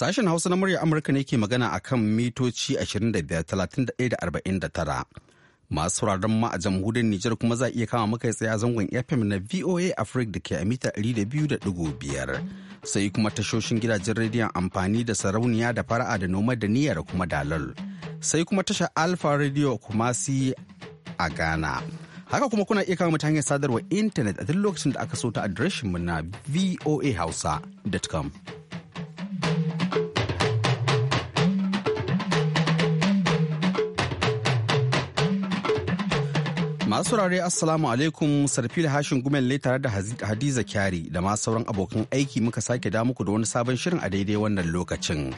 Sashen Hausa na murya Amurka ne ke magana a kan mitoci 25,31,49. Masu sauraron ma a jamhuriyar Nijar kuma za a iya kama muka tsaye a zangon FM na VOA Africa da ke a mita 200.5. Sai kuma tashoshin gidajen rediyon amfani da sarauniya da fara'a da noma da niyyar kuma dalal. Sai kuma tasha Alfa Radio kuma si a Ghana. Haka kuma kuna iya kama ta hanyar sadarwar intanet a duk lokacin da aka so ta adireshin mu na voahausa.com. Masu saurare Assalamu alaikum Sarfil Hashin ne tare da Hadiza Kyari da ma sauran abokan aiki muka sake da muku da wani sabon shirin a daidai wannan lokacin.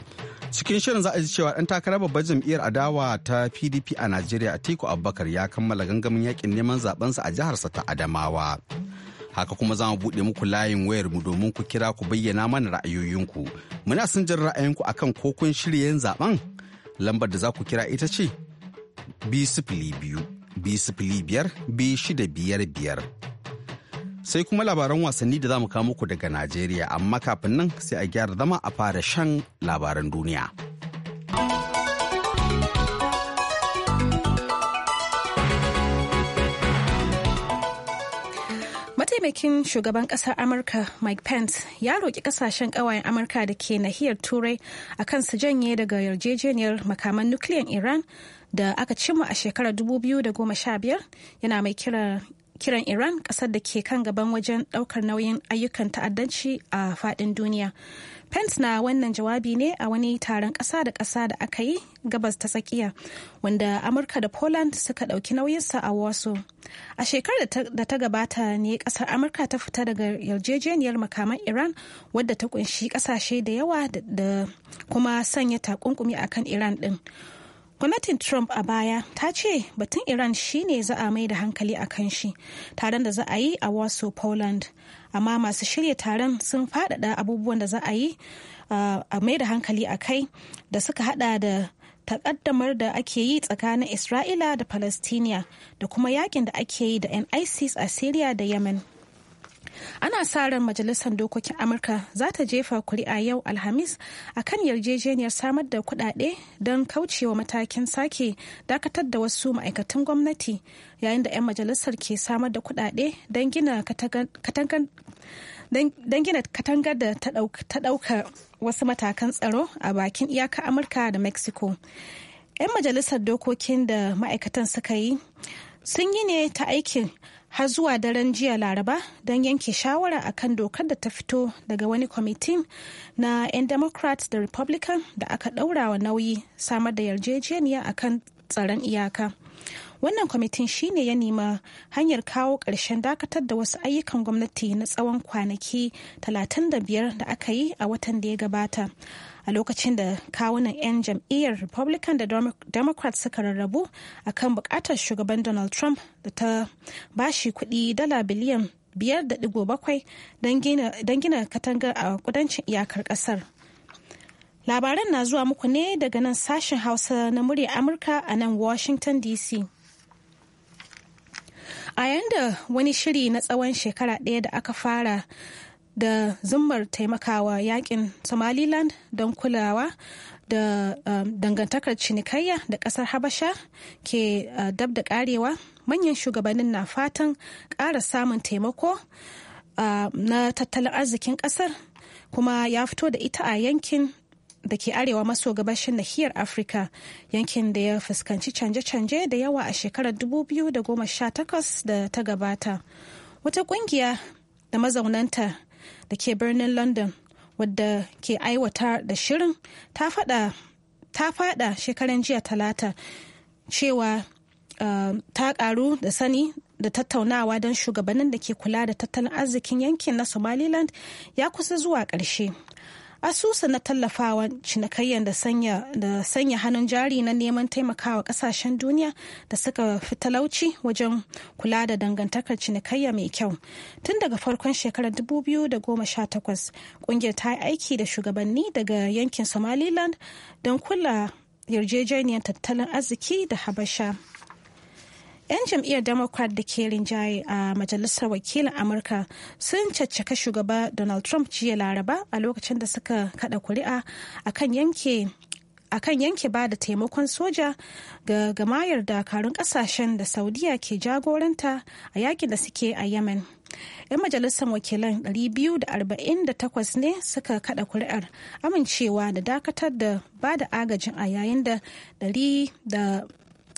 Cikin shirin za a ji cewa ɗan takarar babbar jam'iyyar adawa ta PDP a Najeriya Atiku Abubakar ya kammala gangamin yakin neman sa a jihar sa ta Adamawa. Haka kuma za mu buɗe muku layin wayar mu domin ku kira ku bayyana mana ra'ayoyinku. Muna son jin ra'ayinku akan ko kun shirya yin zaben? Lambar da za ku kira ita ce biyu sifili biyu biyar Sai kuma labaran wasanni da za mu kawo muku daga Najeriya amma kafin nan sai a gyara zama a fara shan labaran duniya. mataimakin shugaban kasar amurka mike pence ya roƙi kasashen ƙawayen amurka da ke nahiyar turai a kan su janye daga yarjejeniyar makaman nukiliyan iran da aka cimma a shekarar 2015 yana mai kiran iran kasar da ke kan gaban wajen daukar nauyin ayyukan ta'addanci a fadin duniya pence na wannan jawabi ne a wani taron kasa da kasa da aka yi gabas ta tsakiya wanda amurka da poland suka dauki nauyinsa a wasu a shekarar da ta gabata ne kasar amurka ta fita daga yarjejeniyar makaman iran wadda ta kunshi kasashe da yawa da kuma sanya takunkumi akan iran din gwamnatin trump a baya ta ce batun iran shine za a mai da hankali a kan shi taron da za a yi a warsaw poland amma masu shirya taron sun faɗaɗa abubuwan da za a yi a mai da hankali a kai da suka hada da takaddamar da ake yi tsakanin isra'ila da palestiniya da kuma yakin da ake yi da 'yan isis a syria da yemen ana sa ran majalisar dokokin amurka za ta jefa kuri'a yau alhamis a kan yarjejeniyar samar da kudade don kaucewa matakin sake dakatar da wasu ma'aikatan gwamnati yayin da 'yan majalisar ke samar da kudade don gina katangar da ta ɗauka wasu matakan tsaro a bakin iyaka amurka da mexico 'yan majalisar dokokin da ma'aikatan suka yi sun yi ne ta aikin har zuwa daren jiya laraba don yanke shawara akan dokar da ta fito daga wani kwamitin na 'yan democrat da republican da aka wa nauyi samar da yarjejeniya akan tsaron iyaka wannan kwamitin shine ya nema hanyar kawo ƙarshen dakatar da wasu ayyukan gwamnati na tsawon kwanaki 35 da aka yi a watan da ya gabata a lokacin da kawunan 'yan jam'iyyar republican da democrat suka rarrabu a kan bukatar shugaban donald trump da ta bashi kuɗi dala biliyan 5.7 don gina katanga a kudancin iyakar ƙasar. labaran na zuwa muku ne daga nan sashen hausa na murya amurka a nan washington dc a yanda wani shiri na tsawon shekara ɗaya da aka fara da zummar taimakawa yakin somaliland don kulawa da um, dangantakar cinikayya da kasar habasha ke uh, dab da karewa manyan shugabannin na fatan ƙara samun taimako uh, na tattalin arzikin ƙasar kuma ya fito da ita a yankin da ke arewa maso gabashin nahiyar afirka yankin da ya fuskanci canje-canje da yawa a shekarar 2018 da ta gabata wata kungiya da mazaunanta da ke birnin london wadda ke aiwata da shirin ta fada shekaran jiya talata cewa eh, ta karu da sani da tattaunawa don shugabannin da ke kula da tattalin arzikin yankin na somaliland ya kusa zuwa karshe. asusu na tallafawa cinikayyar da sanya, da sanya hannun jari na neman taimakawa kasashen duniya da suka fi talauci wajen kula da dangantakar cinikayya mai kyau tun daga farkon shekarar 2018 kungiyar ta yi aiki da shugabanni daga yankin somaliland don kula yarjejeniyar tattalin arziki da habasha 'yan jam'iyyar democrat da ke rinjaye a majalisar wakilin amurka sun caccaka shugaba donald trump jiya laraba a lokacin da suka kada kuri'a akan yanke yanke ba da taimakon soja ga gamayar dakarun kasashen da saudiya ke jagoranta a yakin da suke a yemen 'yan majalisar wakilan 248 ne suka kada kuri'ar amincewa da dakatar da ba da agajin a yayin da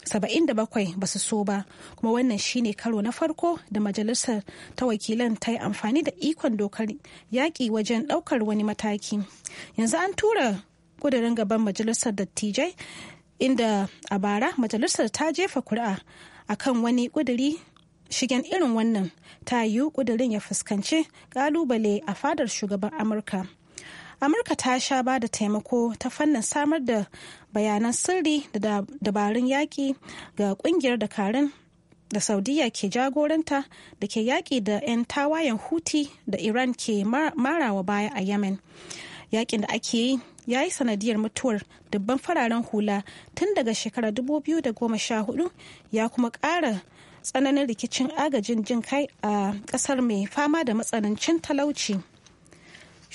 saba'in da bakwai ba su so ba kuma wannan shine karo na farko da majalisar ta wakilan ta yi amfani da ikon dokar yaƙi wajen ɗaukar wani mataki yanzu an tura kudurin gaban majalisar dattijai inda a bara majalisar ta jefa kuri'a a kan wani kuduri shigen irin wannan ta yiwu kudurin ya fuskanci kalubale a fadar shugaban amurka amurka ta sha ba da taimako ta fannin samar da bayanan sirri da dabarun yaƙi ga ƙungiyar dakarun da saudiya ke jagoranta da ke yaƙi da 'yan tawayen huti da iran ke marawa baya a yemen yaƙin da ake yi ya yi sanadiyar mutuwar dubban fararen hula tun daga shekarar 2014 ya kuma ƙara tsananin rikicin agajin jin kai a ƙasar mai fama da matsanancin talauci.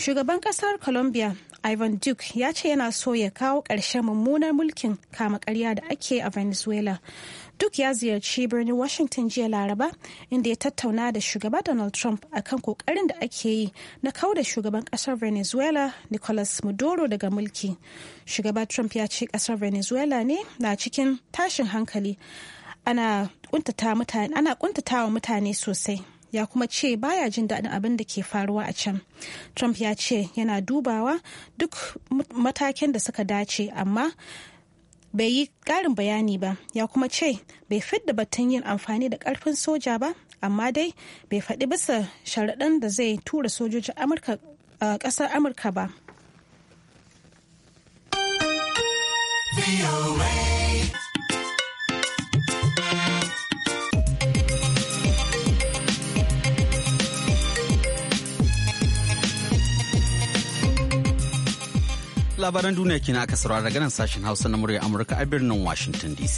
Shugaban kasar Colombia Ivan Duke ya ce yana so ya kawo ƙarshen mummunar mulkin kama karya da ake a Venezuela. Duke ya ziyarci birnin Washington jiya Laraba inda ya tattauna da shugaba Donald Trump akan kokarin da ake yi na kawo da shugaban kasar Venezuela Nicolas Maduro daga mulki. Shugaba Trump ya ce kasar Venezuela ne na cikin tashin hankali. Ana wa mutane sosai. ya kuma ce baya jin daɗin abin da ke faruwa a can trump ya ce yana dubawa duk matakin da suka dace amma bai yi ƙarin bayani ba ya kuma ce bai fidda batun yin amfani da ƙarfin soja ba amma dai bai faɗi bisa sharaɗin da zai tura sojojin ƙasar amurka ba. labaran duniya kenan aka saurara daga nan sashen hausa na murya amurka a birnin washington dc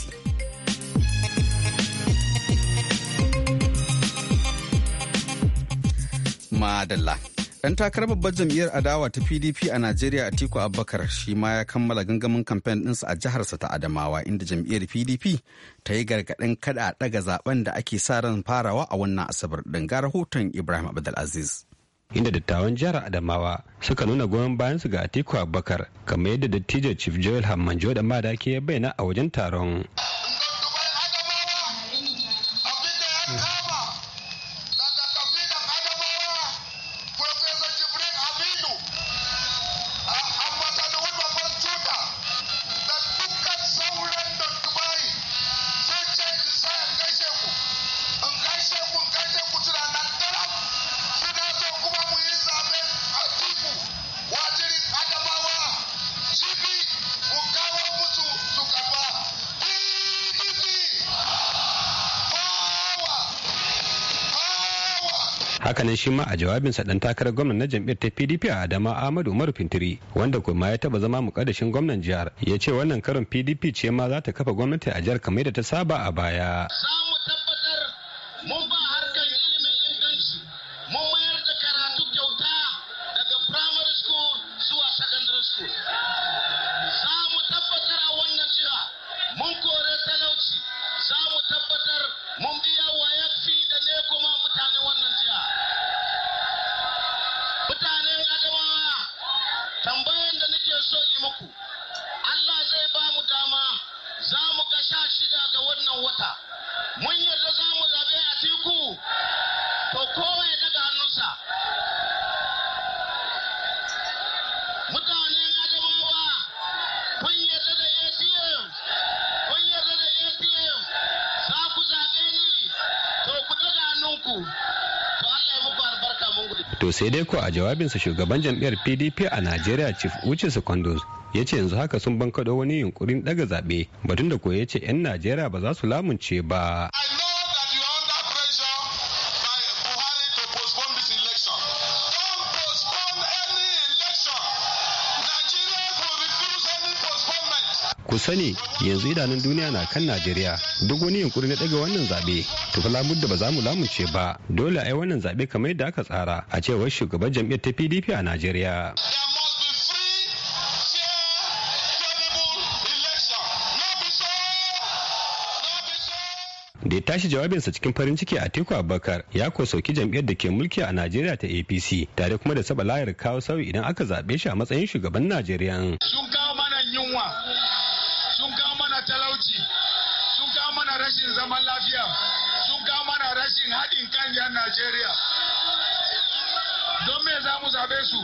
madalla dan takarar babbar jam'iyyar adawa ta pdp a najeriya atiku abubakar shi ma ya kammala gangamin kamfen ɗinsa a jihar sa ta adamawa inda jam'iyyar pdp ta yi gargaɗin kada daga ɗaga zaben da ake sa ran farawa a wannan asabar ɗin ga rahoton ibrahim abdulaziz inda dattawan jihar adamawa suka nuna goyon bayan su ga atiku abubakar kamar yadda dattijo chief joel hammanjo da madaki ke bayyana a wajen taron hakanan shi ma a jawabinsa dan takarar gwamnan na jam'iyyar ta pdp a adama ahmadu Umaru fintiri wanda kuma ya taba zama mukaddashin gwamnan jihar ya ce wannan karin pdp ce ma za ta kafa gwamnati a jihar kamar da ta saba a baya to sai dai ko a jawabinsa shugaban jam'iyyar pdp a najeriya chief uche secondos ya ce yanzu haka sun bankaɗo wani yunkurin daga zaɓe batun da ko ya ce 'yan najeriya ba za su lamunce ba ku sani yanzu idanun duniya na kan najeriya duk wani yunkuri na daga wannan zaɓe to da ba za mu lamunce ba dole a yi wannan zaɓe kamar yadda aka tsara a cewar shugaban jam'iyyar ta pdp a najeriya da ya tashi jawabinsa cikin farin ciki a teku abubakar ya ko sauki jam'iyyar da ke mulki a najeriya ta apc tare kuma da saba layar kawo sauyi idan aka zaɓe shi a matsayin shugaban najeriya sun kawo mana yunwa ta'addanci sun kawo mana rashin zaman lafiya sun kawo mana rashin haɗin kan yan najeriya don me za mu zabe su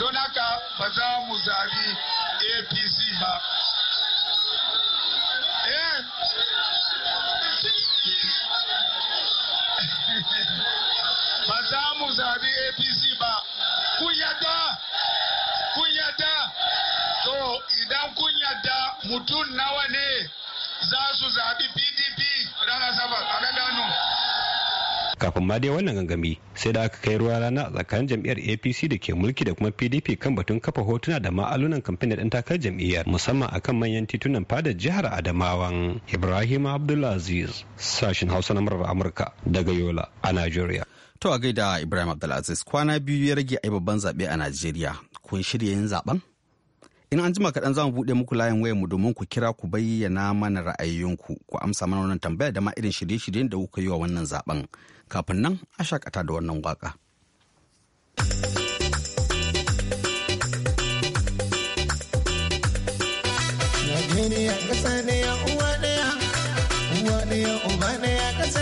don haka ba za mu zabi apc ba eh ba za mu zabi apc ba kun yadda kun yadda To idan kun yadda mutum nawa ne za su zaɓi PDP ranar sabar a gano. kafin ma dai wannan gangami sai da aka kai ruwa rana tsakanin jam'iyyar apc da ke mulki da kuma pdp kan batun kafa hotuna da ma'alunan kamfen ɗan takar jam'iyyar musamman a kan manyan titunan fadar jihar adamawan ibrahim abdulaziz sashen hausa na murar amurka daga yola a Najeriya. to a gaida ibrahim abdulaziz kwana biyu ya rage yi babban zaɓe a najeriya kun shirya yin zaɓen? in an jima kaɗan za mu buɗe muku layin waya mu domin ku kira ku bayyana mana ra'ayoyinku ku amsa mana wannan tambaya da ma irin shirye-shiryen da kuka yi wa wannan zaben kafin nan a shakata da wannan waka. Najeriya ƙasa ya uwa ɗaya uwa ɗaya uba ya ƙasa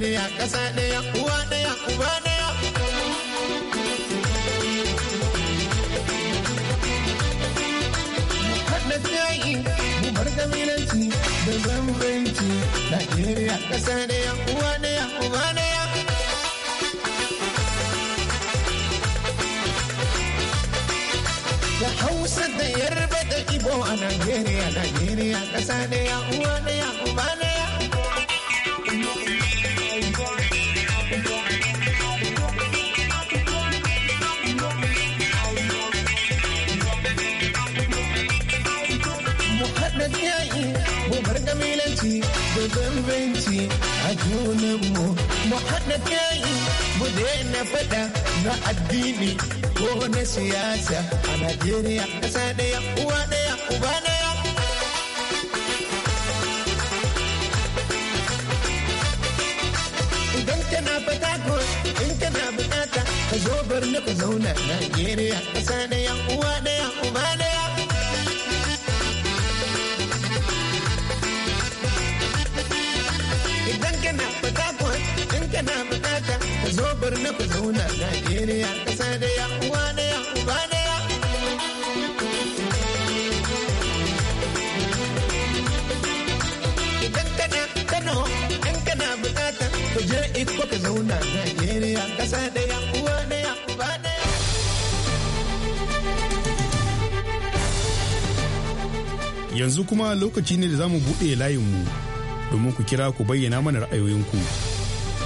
Najeriya ƙasa ɗaya uwa ɗaya uba ɗaya. Haɗa tsayi mu bar kabilanci da bambanci Najeriya ƙasa ɗaya uwa ɗaya uba ɗaya. Da Hausa da Yarba da Ibo a Najeriya, Najeriya ƙasa ɗaya uwa ɗaya. nuninmu mu haɗa kai mu daina faɗa na addini ko na siyasa a Najeriya ƙasa ɗaya uwa ɗaya uba ɗaya. Idan kana fata ko in kana bukata ka zo bar na ka zauna Najeriya ƙasa ɗaya uwa ɗaya uba ɗaya. kana bukata ka zo bar na ku zauna Najeriya kasa da ya uwa da ya uba da ya. Idan kana Kano idan kana bukata ku je iko ka zauna Najeriya kasa da ya uwa da ya uba da Yanzu kuma lokaci ne da za mu buɗe layinmu domin ku kira ku bayyana mana ra'ayoyinku.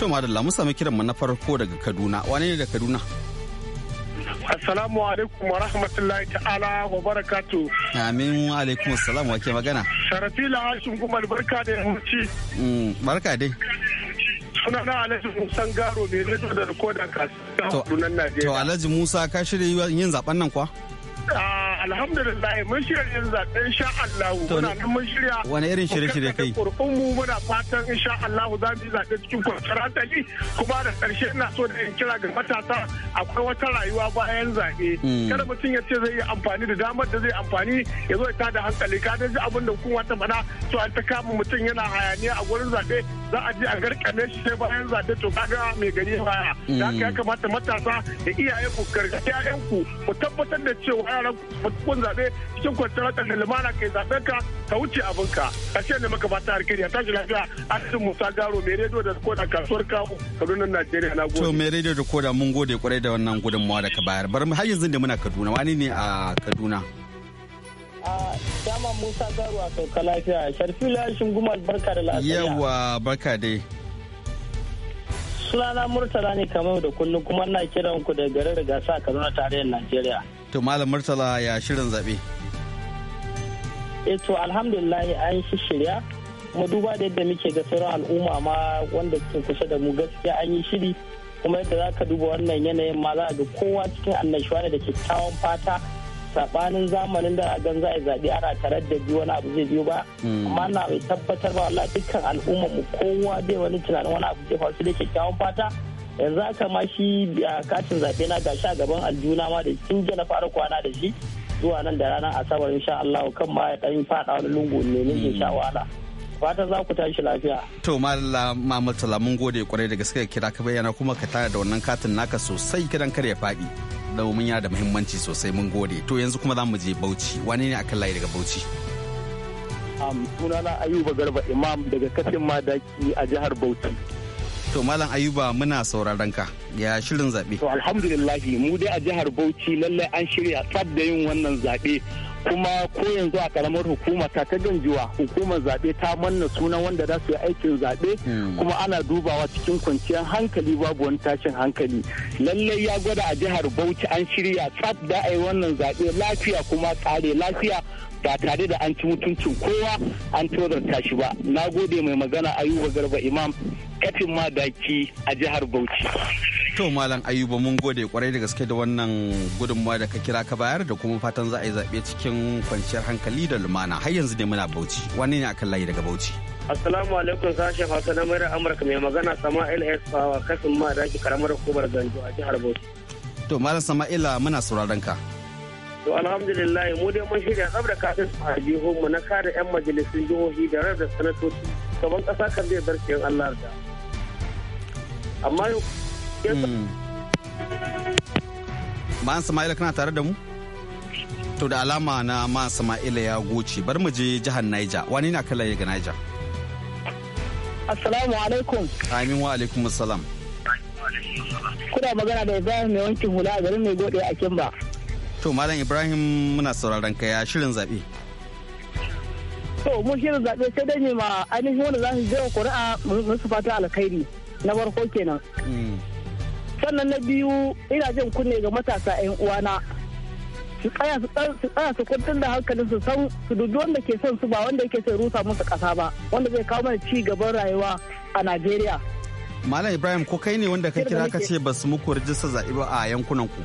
To madalla mun sami kiran mu na farko daga Kaduna. Wane ne da Kaduna? Assalamu alaikum wa rahmatullahi ta'ala wa barakatu. Amin wa alaikum assalam wa ke magana. Sharafila Hashim Gumal barka da yammaci. Mm, barka dai. Suna na Alhaji Musa Garo ne reto da rikoda kasu. To Alhaji Musa ka shirya yin zaben nan kwa? Ah alhamdulillah mun shirya yin zaɓen sha Allah muna nan mun shirya wani irin shirye-shirye kai kurkun mu muna fatan insha Allah za mu yi zaɓe cikin kwanciyar hankali kuma da ƙarshe ina so da in kira ga matasa akwai wata rayuwa bayan zaɓe hmm. kada mutum ya ce zai yi amfani da damar da zai amfani ya zo ya da hankali ka da ji abin da hukuma ta faɗa to an ta kama mutum yana hayaniya a gurin zaɓe za a ji a garkame shi sai bayan zaɓe to kaga mai gari baya da haka ya hmm. kamata matasa da iyayen ku gargaɗi ku ku tabbatar da cewa yaran ku kun zaɓe cikin kwanciyar hankali da kai ka ka wuce abinka ne maka a tashi lafiya musa garo mai rediyo da koda kasuwar kawo kaduna najeriya na gode. to mai rediyo da koda mun gode kwarai da wannan gudunmawa da ka bayar har yanzu da muna kaduna wani ne a kaduna. Dama Musa Garu a sauka lafiya, da lafiya. Yawa barka dai. sunana murtala ne kamar da kullum kuma na kiran ku da garin rigasa kaduna tarayyar najeriya to malam murtala ya shirin zaɓe. Eh, to alhamdulillah an shi shirya mu duba da yadda muke ga sauran al'umma ma wanda ke kusa da mu gaskiya an yi shiri kuma yadda za ka duba wannan yanayin ma za ga kowa cikin annashuwa da kyakkyawan fata sabanin zamanin da gan za a zaɓi ana tarar da biyu wani abu zai biyo ba hmm. amma na mai tabbatar ba Allah dukkan al'ummar mu kowa zai wani tunanin wani abu zai faru da kyakkyawan fata yanzu aka ma shi katin zaɓe na gashi a gaban aljuna ma da kin na fara kwana da shi zuwa nan da ranar asabar insha Allah kan ma ya ɗan faɗa wani lungu ne ne insha wahala. fatan za ku tashi lafiya. To Malala Mamad mun gode kwarai da gaske kira ka bayyana kuma ka tare da wannan katin naka sosai kidan kar ya faɗi. Domin yana da muhimmanci sosai mun gode. To yanzu kuma za mu je Bauchi. Wani ne akan layi daga Bauchi? Um, sunana Ayuba Garba Imam daga Katin Madaki a jihar Bauchi. To Malam Ayuba muna sauraron ka ya shirin zaɓe. To alhamdulillah mu dai a jihar Bauchi lallai an shirya tsab da yin wannan zaɓe kuma ko yanzu a karamar hukuma ta ta ganjuwa hukumar zaɓe ta manna sunan wanda za su yi aikin zaɓe hmm. kuma ana dubawa cikin kwanciyar hankali babu wani tashin hankali lallai ya gwada a jihar bauchi an shirya tsaf da a yi wannan zaɓe lafiya kuma tsare lafiya ba tare da an ci mutuncin kowa an tozarta shi ba na gode mai magana ayuba garba imam katin madaki a jihar bauchi to malam ayuba mun gode kwarai da gaske da wannan gudunmawa da ka kira ka bayar da kuma fatan za a yi zaɓe cikin cikin kwanciyar hankali da lumana har yanzu ne muna bauchi wani ne akan layi daga bauchi Assalamu alaikum sashen Hausa na Mayar Amurka mai magana Sama'il S. Fawa kasin ma daki karamar hukumar Ganjo a jihar Bauchi. To Malam Sama'ila muna sauraron ka. To alhamdulillah mu dai mun shirya kafin su kafin mu na kare 'yan majalisun jihohi da rarra sanatoci gaban ƙasa kan zai bar cikin Allah da. Amma yau. Hmm. Ma'an Sama'ila kana tare da mu? to da alama na ma sama'ila ya goce bar mu je jihar Niger wani na kala ga Niger Assalamu alaikum Amin wa alaikum assalam Kuna magana da Ibrahim mai wankin hula a garin mai gode a Kimba To Malam Ibrahim muna sauraron ka ya shirin zabe To mun shirin zabe sai dai ne ma ainihin wanda za su je ƙuri'a musu fata alkhairi na farko kenan mm. sannan na biyu ina jin kunne ga matasa 'yan uwana su tsaya su tsaya su kuntun da hankalin su san su dubi wanda ke son su ba wanda yake son rusa musu kasa ba wanda zai kawo mana ci gaban rayuwa a Najeriya. Malam Ibrahim ko kai ne wanda ka kira ka ce ba su muku rijista zaɓe ba a yankunan ku.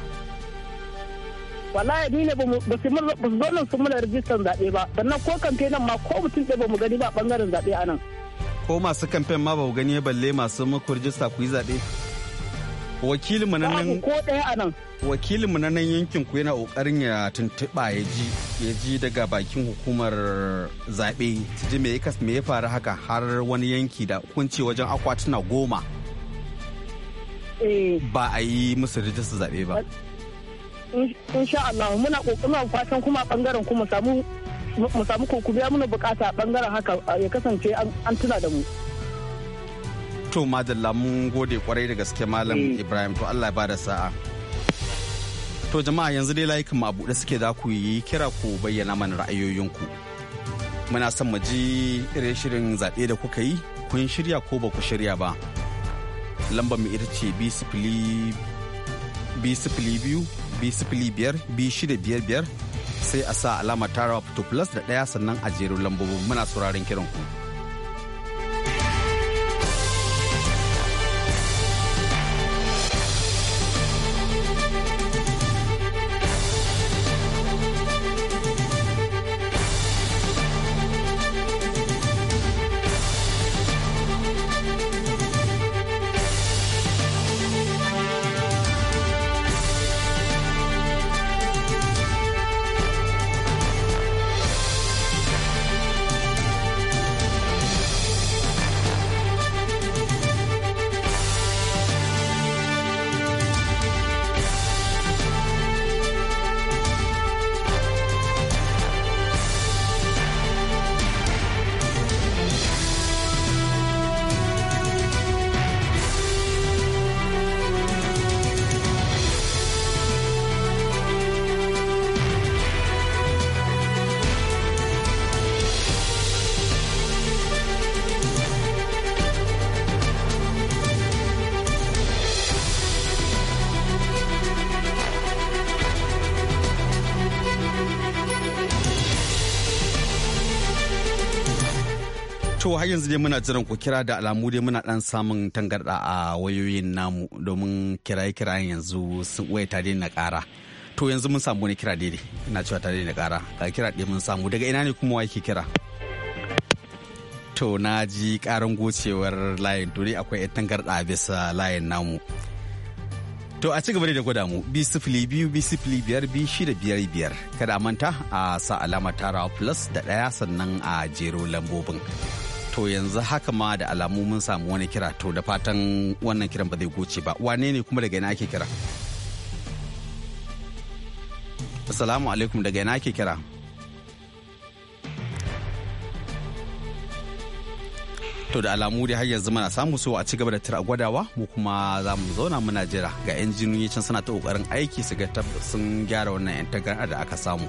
wallahi ni ne ba su zo nan su muna rijistar zaɓe ba sannan ko kamfe nan ma ko mutum ɗaya ba mu gani ba ɓangaren zaɓe a nan. ko masu kamfen ma ba mu gani balle masu muku rijista ku yi zaɓe. wakilin mu nan nan yankin ku yana kokarin ya tuntuɓa ya ji ya ji daga bakin hukumar zaɓe ta ji me ya faru haka har wani yanki da kunce wajen akwatuna goma eh. ba a yi musu rijistar zaɓe ba insha Allah muna kokarin fatan kuma bangaren kuma samu mu samu kokuriya muna bukata bangaren haka ya kasance an tuna da mu to madalla mun gode kwarai da gaske malam eh. ibrahim to allah ba da sa'a to jama'a yanzu dai layukan mu a buɗe suke za ku yi kira ku bayyana mana ra'ayoyinku muna son mu ji irin shirin zaɓe da kuka yi kun shirya ko ba ku shirya ba lambar mu ita ce b sifili biyu b sifili biyar b shida biyar biyar sai a sa alama tarawa fito plus da ɗaya sannan a jerin lambobin muna sauraron kiran ku. to har yanzu dai muna jiran ku kira da alamu dai muna dan samun tangarda a wayoyin namu domin kiraye kirayen yanzu sun waya tare na kara to yanzu mun samu ne kira daidai ina cewa tare na kara ga kira dai mun samu daga ina ne kuma wa ke kira to na ji karin gocewar layin to akwai akwai tangarda bisa layin namu To a ci gaba da gwada mu bi sifili biyu bi sifili biyar bi shida biyar biyar kada a manta a sa alama tara plus da ɗaya sannan a jero lambobin. to yanzu haka ma da alamu mun samu wani kira to da fatan wannan kiran ba zai goce ba wane ne kuma daga ina ake kira assalamu alaikum daga ina ake kira to da alamu dai har yanzu muna samu so a ci gaba da tira gwadawa mu kuma za mu zauna muna jira ga injiniyoyi can suna ta kokarin aiki su ga sun gyara wannan yan da aka samu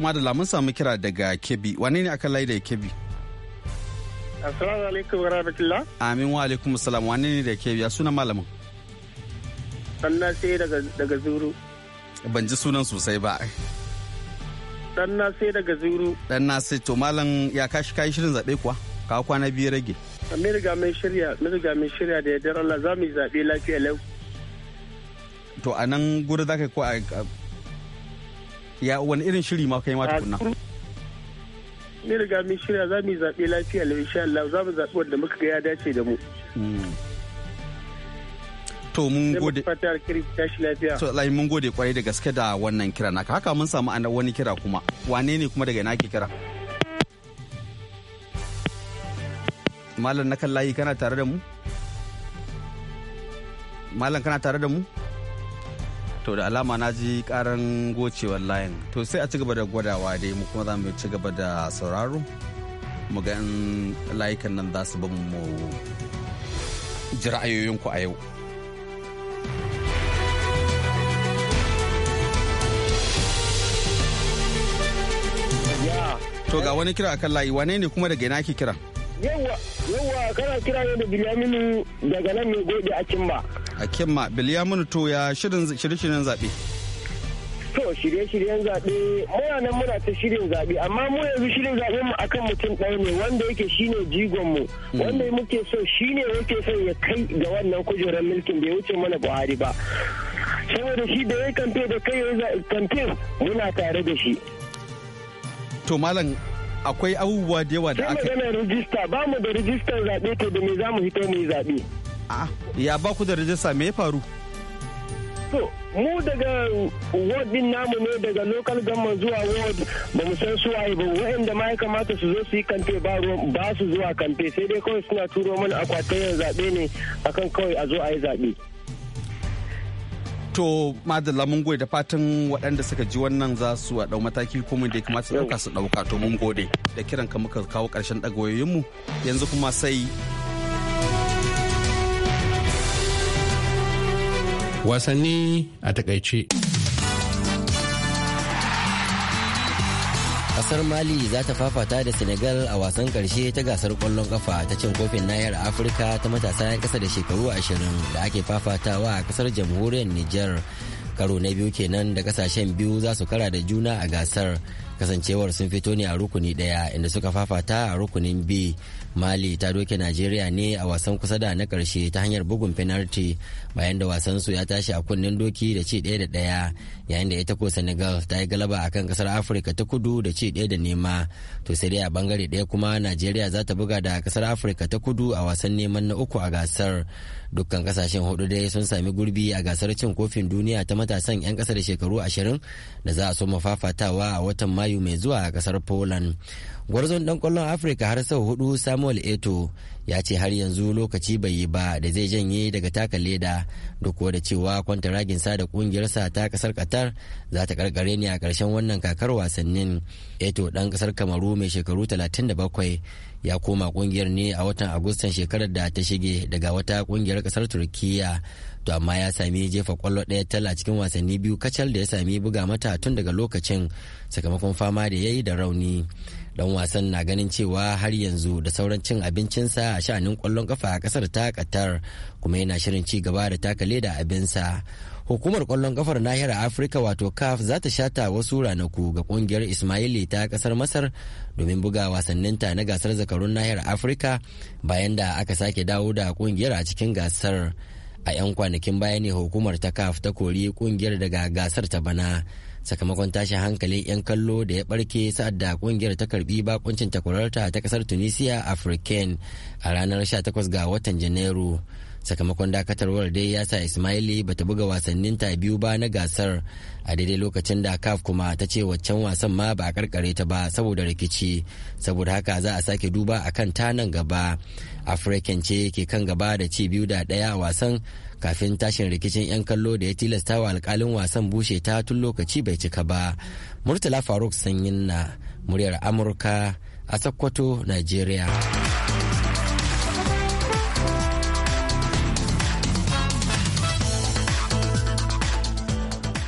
to madalla mun samu kira daga Kebbi. Wane ne aka layi da Kebbi? Assalamu alaikum wa rahmatullah. Amin wa alaikum salam. Wane ne da Kebbi? Ya sunan malamin? Sanna sai daga Zuru. Ban ji sunan sosai ba. Dan na sai daga Zuru. Dan na sai to malam ya kashi kayi shirin zabe kuwa? Ka kwana biyu rage. Mun riga mun shirya, mun riga mun shirya da ya Allah za mu zabe lafiya lau. To a nan guri za ka ko a ya wani irin shiri ma kai ma tukunna ne riga mun shirya za mu zaɓe lafiya lau insha Allah za mu zaɓi wanda muka ga ya dace da mu hmm. to mun gode to lai mun gode kwarai da gaske da wannan kira naka haka mun samu an wani kira kuma wane ne kuma daga ina ke kira malam na kan layi kana tare da mu malam kana tare da mu to da alama na ji karan gocewar layin to sai a ci gaba da gwadawa dai mu kuma za mu ci gaba da sauraro mu ga layukan nan za su bin mu ji ra'ayoyinku a yau to ga wani kira akan layi wane ne kuma daga ina ake kira yawa kana kira ne da bilyaminu daga nan mai gode a kimma a kimma bilyaminu to ya shirin shirin zaɓe to shirye-shiryen zaɓe muna nan muna ta shirin zaɓe amma mu yanzu shirin zaɓe mu akan mutum ɗaya ne wanda yake shine jigon mu hmm. wanda muke so shine yake so ya kai ga wannan kujerar mulkin da ya wuce mana Buhari ba saboda shi da ya kamfe da kai kamfe muna tare da shi to malam akwai abubuwa da yawa da aka yi rijista ba mu da rijistar zaɓe to da me za mu hito mu yi zaɓe ya ba ku da rijista me ya faru to mu daga ward din namu ne daga local government zuwa ward ba mu san su waye ba waɗanda ma ya kamata su zo su yi kamfe ba su zuwa kamfe sai dai kawai suna turo mana akwatayen zaɓe ne akan kawai a zo a yi zaɓe To madalla mun gode da fatan waɗanda suka ji wannan za su a ɗau mataki kuma da ya kamata ɗauka su ɗauka to mun gode da kiran ka muka kawo ƙarshen ɗagoyoyinmu yanzu kuma sai wasanni a takaice. kasar mali za ta fafata da senegal a wasan karshe ta gasar kwallon kafa ta cin kofin nahiyar afirka ta matasa 'yan kasa da shekaru ashirin da ake fafatawa a kasar jamhuriyar niger karo na biyu kenan da kasashen biyu za su kara da juna a gasar kasancewar sun fito ne a rukuni daya inda suka fafata a rukunin b mali ta doke najeriya ne a wasan kusa da na karshe ta hanyar bugun penalty bayan da wasan su ya tashi a kunnen doki da ci daya da ɗaya yayin da ita ko senegal ta yi galaba akan kasar afirka ta kudu da ci daya da nema to sai dai a bangare ɗaya kuma najeriya za ta buga da kasar afirka ta kudu a wasan neman na uku a gasar dukkan kasashen hudu dai sun sami gurbi a gasar cin kofin duniya ta matasan 'yan kasar shekaru ashirin da za a so mafafatawa a watan mayu mai zuwa a kasar poland gwarzon dan kwallon afirka har sau hudu samuel eto ya ce har yanzu lokaci bai yi ba da zai janye daga taka leda duk da cewa kwanta sa da kungiyarsa ta kasar katar za ta karkare ne a karshen wannan kakar wasannin eto dan kasar kamaru mai shekaru 37 ya koma kungiyar ne a watan agustan shekarar da ta shige daga wata kungiyar kasar turkiya to amma ya sami jefa kwallo ɗaya tala cikin wasanni biyu kacal da ya sami buga mata tun daga lokacin sakamakon fama da ya yi da rauni dan wasan na ganin cewa har yanzu da sauran cin abincinsa a sha'anin kwallon kafa a kasar ta katar kuma yana shirin ci gaba da taka leda abinsa hukumar kwallon kafar nahiyar afirka wato caf za ta shata wasu ranaku ga kungiyar ismaili ta kasar masar domin buga wasanninta na gasar zakarun nahiyar afirka bayan da aka sake dawo da kungiyar a cikin gasar a 'yan kwanakin baya ne hukumar ta caf ta kori kungiyar daga gasar ta bana sakamakon tashin hankalin 'yan kallo da ya barke sa'ad da kungiyar ta karbi bakuncin takwararta ta kasar tunisia african a ranar 18 ga watan janairu sakamakon dakatarwar dai ya sa ismaili ta buga wasannin ta biyu ba na gasar a daidai lokacin da caf kuma ta ce waccan wasan ma ba a karkare ta ba saboda rikici saboda haka za a sake duba a kan ta nan gaba african ce ke kan gaba da ci biyu da daya a wasan kafin tashin rikicin 'yan kallo da ya tilasta wa alkalin wasan bushe ta tun lokaci bai cika ba murtala faruk sanyin na muryar amurka a sokoto nigeria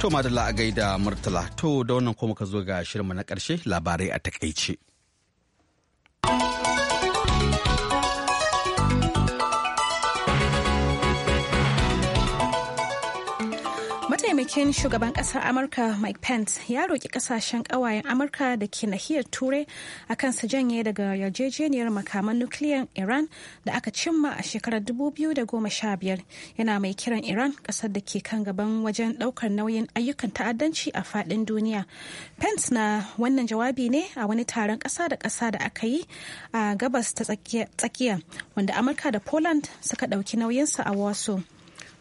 To madalla a gaida murtala to da wannan kuma ka zo ga shirma na karshe labarai a takaice. mataimakin shugaban kasar amurka mike pence ya roƙi ƙasashen ƙawayen amurka da ke nahiyar turai a kan su janye daga yarjejeniyar makaman nukiliyan iran da aka cimma a shekarar 2015 yana mai kiran iran ƙasar da ke kan gaban wajen ɗaukar nauyin ayyukan ta'addanci a faɗin duniya pence na wannan jawabi ne a wani taron ƙasa da ƙasa da aka yi a gabas ta tsakiya wanda amurka da poland suka ɗauki nauyinsa a wasu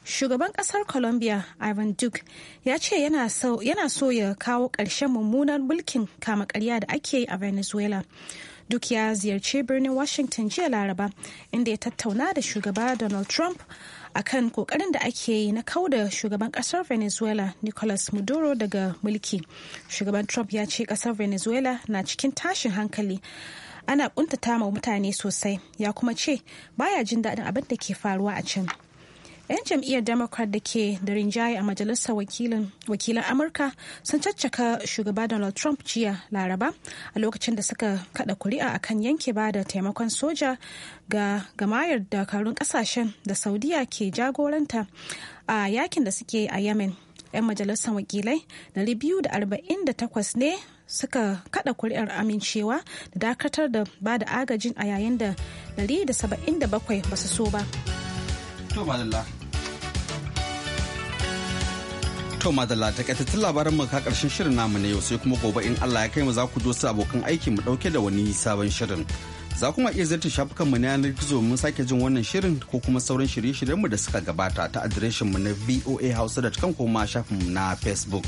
shugaban kasar colombia ivan duke ya ce yana so ya kawo ƙarshen mummunan mulkin kama karya da ake yi a venezuela duk ya ziyarci birnin washington jiya laraba inda ya tattauna da shugaba donald trump akan kokarin da ake yi na kauda shugaban kasar venezuela nicolas maduro daga mulki shugaban trump ya ce kasar venezuela na cikin tashin hankali ana kuntata ma mutane sosai ya kuma ce baya jin daɗin abin da ke faruwa a can 'yan jam'iyyar democrat da ke da rinjaye a majalisar wakilan amurka sun caccaka shugaba donald trump jiya laraba a lokacin da suka kada kuri'a akan yanke ba da taimakon soja ga gamayar dakarun kasashen da saudiya ke jagoranta a yakin da suke a yemen 'yan majalisar wakilai 248 ne suka kada kuri'ar amincewa da dakatar da ba da agajin a yayin da 177 ba su so ba. To madalla takaitattun labaran mu ka karshen shirin namu ne yau sai kuma gobe in Allah ya kai mu za ku dosa su abokan aiki mu dauke da wani sabon shirin. Za kuma iya ziyartar shafukan mu na yanar gizo mun sake jin wannan shirin ko kuma sauran shirye-shiryen mu da suka gabata ta adireshin mu na voahausa.com ko ma shafin mu na Facebook.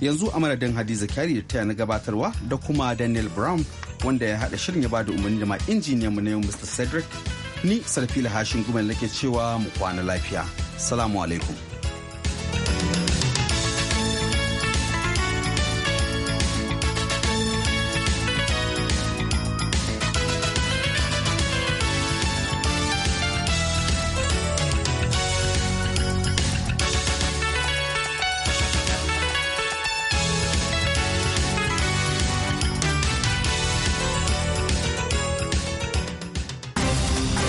Yanzu a madadin Hadiza Kyari da taya na gabatarwa da kuma Daniel Brown wanda ya haɗa shirin ya ba da umarni da ma injiniyan mu na yau Mr. Cedric. Ni Sarfila Hashin Gumel nake cewa mu kwana lafiya. Salamu alaikum.